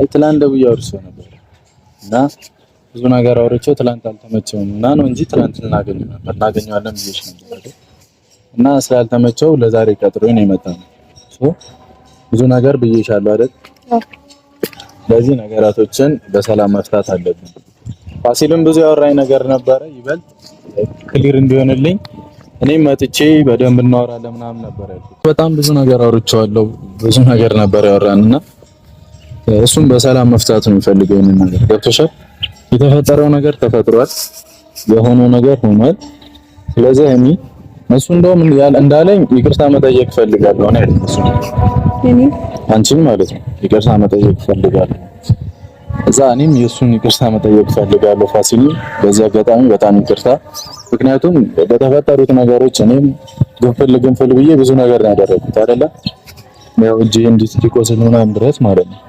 አይ ትላንት ደውዬ አውርቼው ነበር እና ብዙ ነገር አውርቼው ትላንት አልተመቸውም እና ነው እንጂ ትላንት እናገኝ ነበር እናገኘዋለን ብዬሽ ነበር እና ስላልተመቸው ለዛሬ ቀጥሮ ነው የመጣው። ብዙ ነገር ብዬሻለሁ አይደል? ለዚህ ነገራቶችን በሰላም መፍታት አለብን። ፋሲልም ብዙ ያወራኝ ነገር ነበረ ይበልጥ ክሊር እንዲሆንልኝ እኔም መጥቼ በደንብ እናወራለን ምናምን ነበር ያለው። በጣም ብዙ ነገር አውርቼዋለሁ። ብዙ ነገር ነበር ያወራንና እሱም በሰላም መፍታት ነው የሚፈልገው። ይሄንን ነገር ገብቶሻል። የተፈጠረው ነገር ተፈጥሯል፣ የሆነው ነገር ሆኗል። ስለዚህ እኔ እሱ እንደውም እንዳለኝ ይቅርታ መጠየቅ ፈልጋለሁ ነው ያለኝ። እሱ እኔ አንቺም ማለት ነው ይቅርታ መጠየቅ ፈልጋለሁ እዛ እኔም የእሱን ይቅርታ መጠየቅ ፈልጋለሁ። ፋሲል በዚህ አጋጣሚ በጣም ይቅርታ፣ ምክንያቱም በተፈጠሩት ነገሮች እኔም ግንፍል ግንፍል ብዬ ብዙ ነገር ነው ያደረኩት አይደለ ያው እጅ እንዲት ሊቆስል ምናምን ድረስ ማለት ነው